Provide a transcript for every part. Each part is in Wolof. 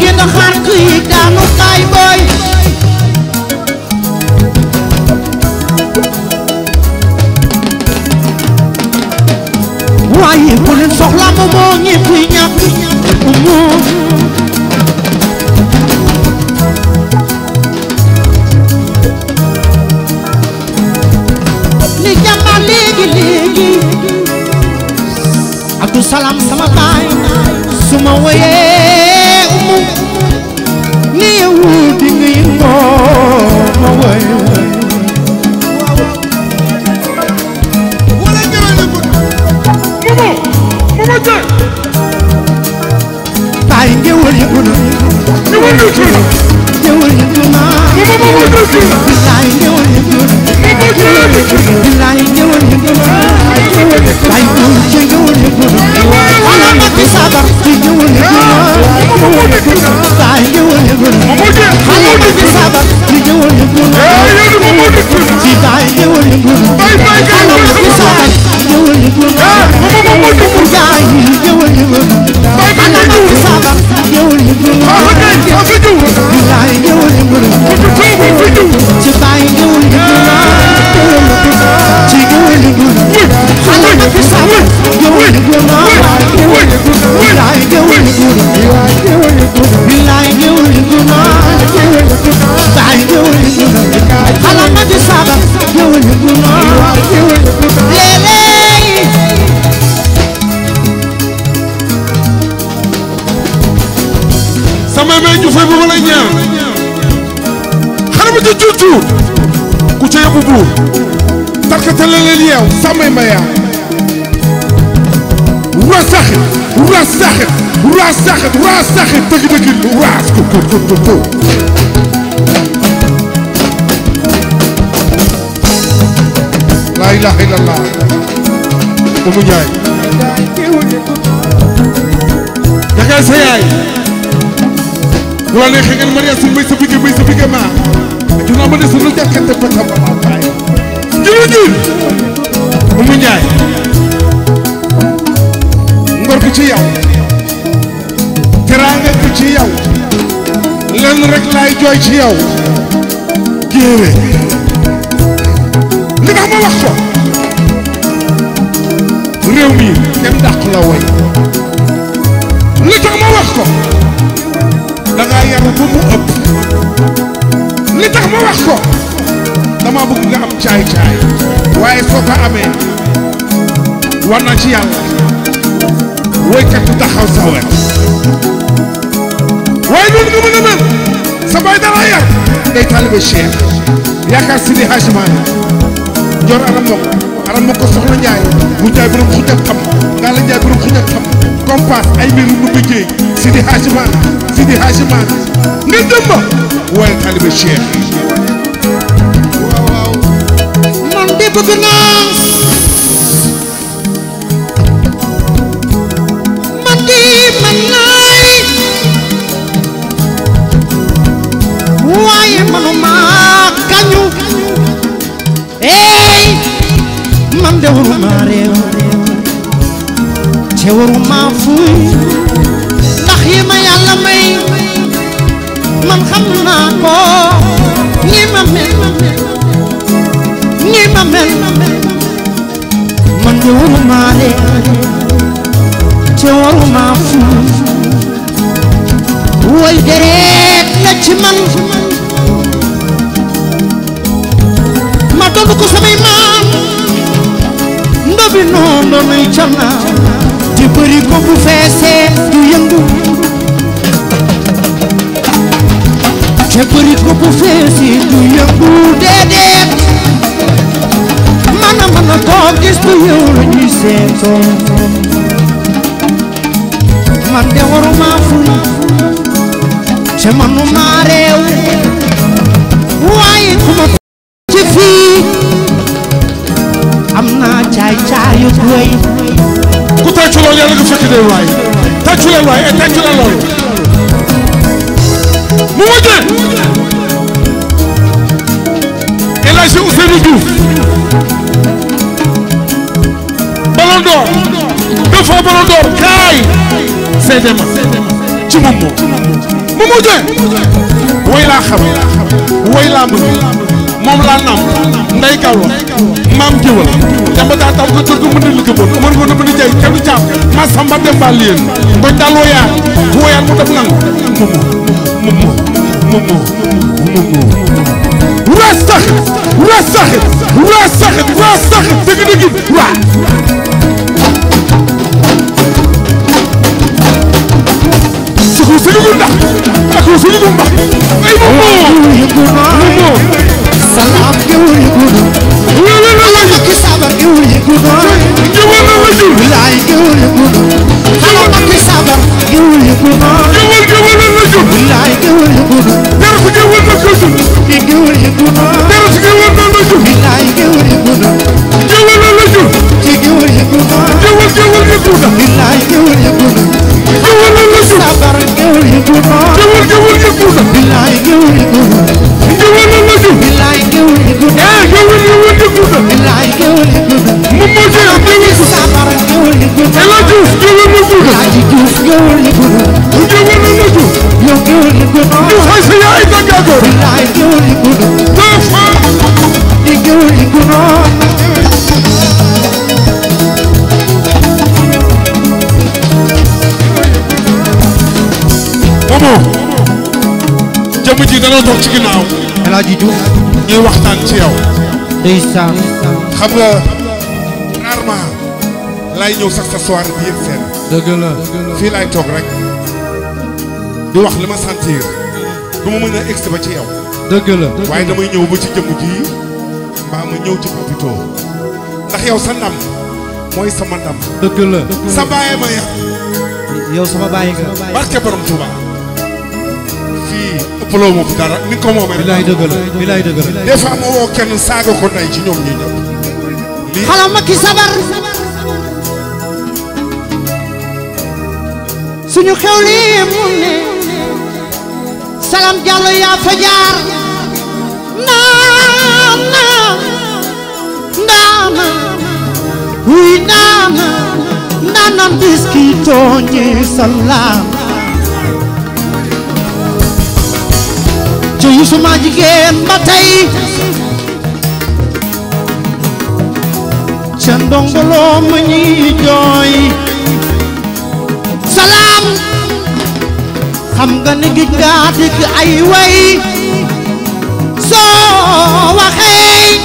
génn xànk yi daanu tay booy waaye ku leen soxla moomoo ñépp ñàkk ay doon ca ñëwal nit ñi ana nit ñi sabar ci ñëwal nit ñi ay ñëwal nit ñi maya rasaxit rasaxit rasaxit rasaxit dëgg dëgg raas ko ko ko ko laa ilaaha illallah umu jaay dagay sa yaay bu la neexee ngeen mariage su may sa bigge may sa bigge maa junaa ma de su lu jàkkante ba tam ba maa baay jërëjëf bu mu njaay ngor gi ci yow teraanga gi ci yow lenn rek laay jooy ci yow géere li tax ma wax ko réew mi kenn dàq la woy li tax ma wax ko da yaru bu mu ëpp li tax ma wax ko dama bëgg nga am caay caay waaye soo ko amee war na ci yàlla woykatu taxaw sa waaye noonu nga mën a mel sa baay dara day taalibe Cheikh yaakaar si di hajiman jor aram mok aram mok ko jaay borom xuj ak xam ngaa la njaay borom xam compas ay mbiru nu bëggee si di hajiman si di hajiman nga jëm ba waaye taalibe Cheikh gouvernance man di man naay waaye manuma kañu ey man de waruma réew te waruma fuy ndax yi ma yàlla may man xam naa ko ñi ma mel mel man ñëwuma leen te waruma fuuf woy deret la ci man ma doon ko samay maam ndobi noonu doonuy canna te bëri ko bu feesee du yëngu te bëri ko bu feesee du yëngu déedéet moo gis bu yow la man de waruma ful te manuma réew waaye ma ci fii am naa caay caayu doy ku tàccu loolu yàlla nga fekk de waay tàccu leen waay et tàccu mu mujjee borom door kaay seede ma ci moom moom mu mujjee woy laa xam woy laa bëgg moom laa nam nday kaw la maam jëwal daa taw ko tur ko mën na nga mën a jaay kenn caab ma samba dem ba liyeen ngoñ daal wooyaat wooyaat mu def nang moom moom moom Momo jëmm ji danoo toog ci ginnaaw. El Hadj Diouf ñuy waxtaan ci yow. ndeysaan. xam nga rarement laay ñëw sax sa soir bi yëg seen. dëgg la fii laay toog rek di wax li ma sentir du ma mën a egsi ba ci yow. dëgg la waaye damay ñëw ba ci jëmm ji mbaa ma ñëw ci papito ndax yow sa ndam mooy sama ndam. dëgg la sa bàyyi ma ya. yow sama bàyyi nga. barke borom Tuuba. ëppaloo moom dara ni ko moomee. bilaay dëgg xew lii mu ne. salam Diallo yaa fa jaar. naan naan. ndaana. wuy salaam. Ajaratu Yuusu ma jigéen ba tey ca ndongoloo ma ñuy jooy salaam xam nga ne gij ngaa dégg ay way soo waxee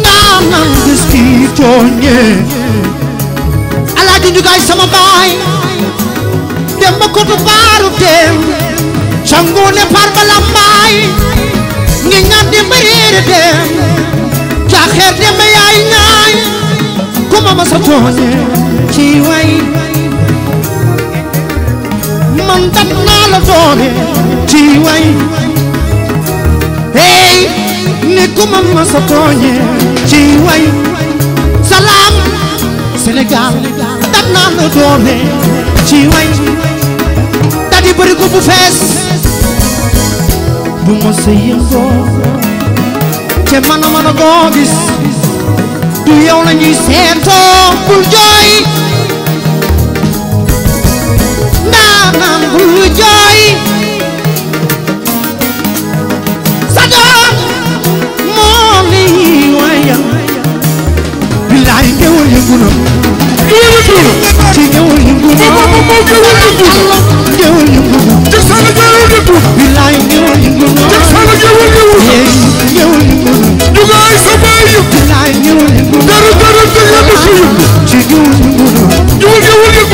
ndaanan gis kii tooñee alaaji njugaay sama baay dem ba kotu baaru dem sangu ne par ba lambaay ngi ñaan di ma réere dem caaxeer dem ba yaay ñaay ku ma ma sa tooñe ci way man dam naa la doone ci way hey ni ku ma sa tooñe ci way salaam Sénégal dam naa la doone ci way dadi bëri ko bu fees bu ma sa yëngoo te man man a koo gis du yow la ñuy bul jooy ndaanaan bul jooy sa doom moo lay wayal billaay ngewal yëngu na ci ngewal yëngu na ngewal yëngu na ñu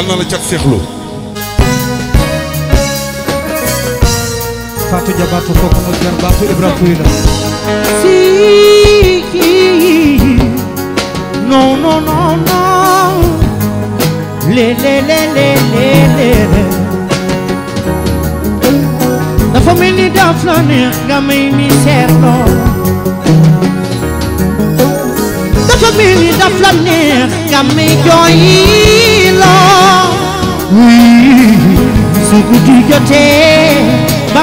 yàlla na la cat seexlu Fatou Diabatou kooku mooy jar baatu Ibra la si non non non dafa mel ni daf la mi seetloo famille yi daf la neex nga may ba ma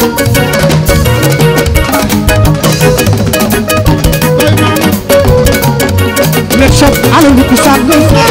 Let's shop, I don't look beside me.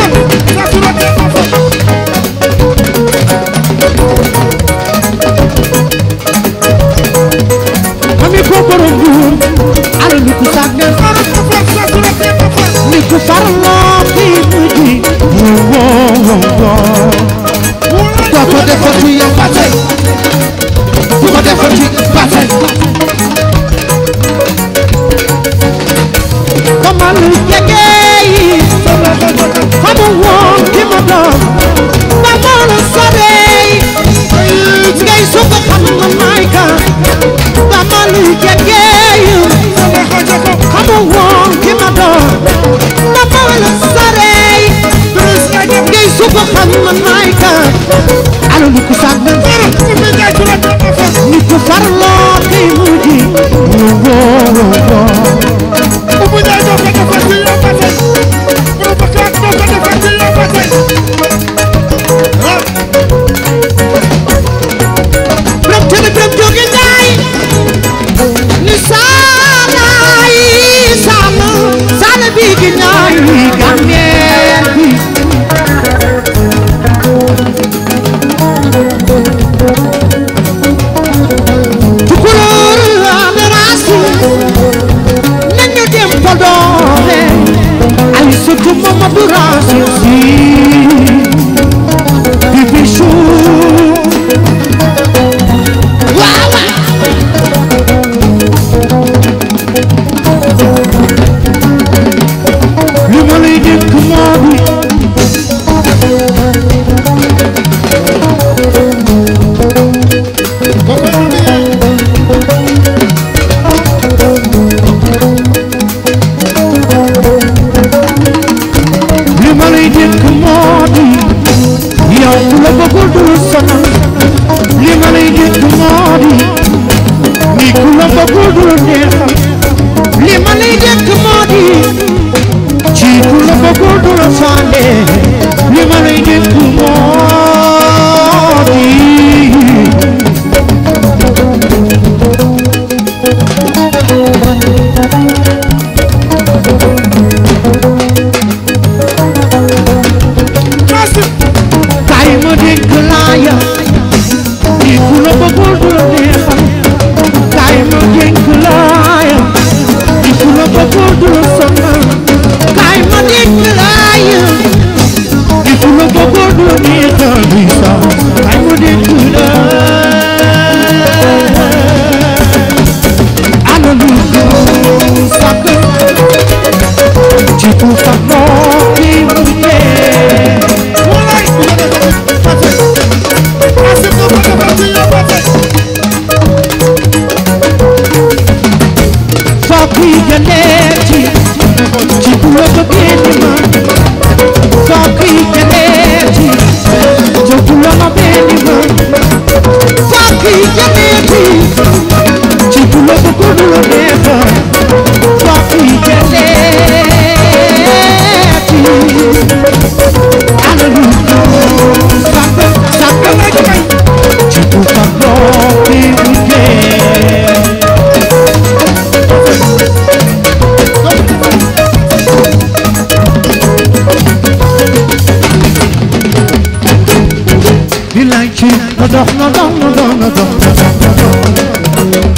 bilaay ci na dox na dox na dox na dox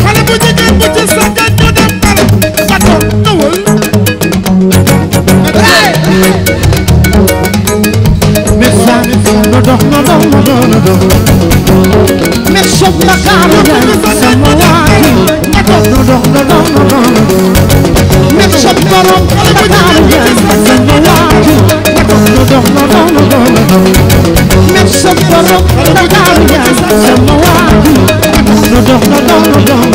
xale bu jigéen bu ci sàggan ñu dem xale bato awal mesa na dox na dox na dox na dox mesu Ndakaaru sama waay na dox na dox na dox na dox mesu borom borom Dakar ñaan sama waa ji lu dox lu dox lu dox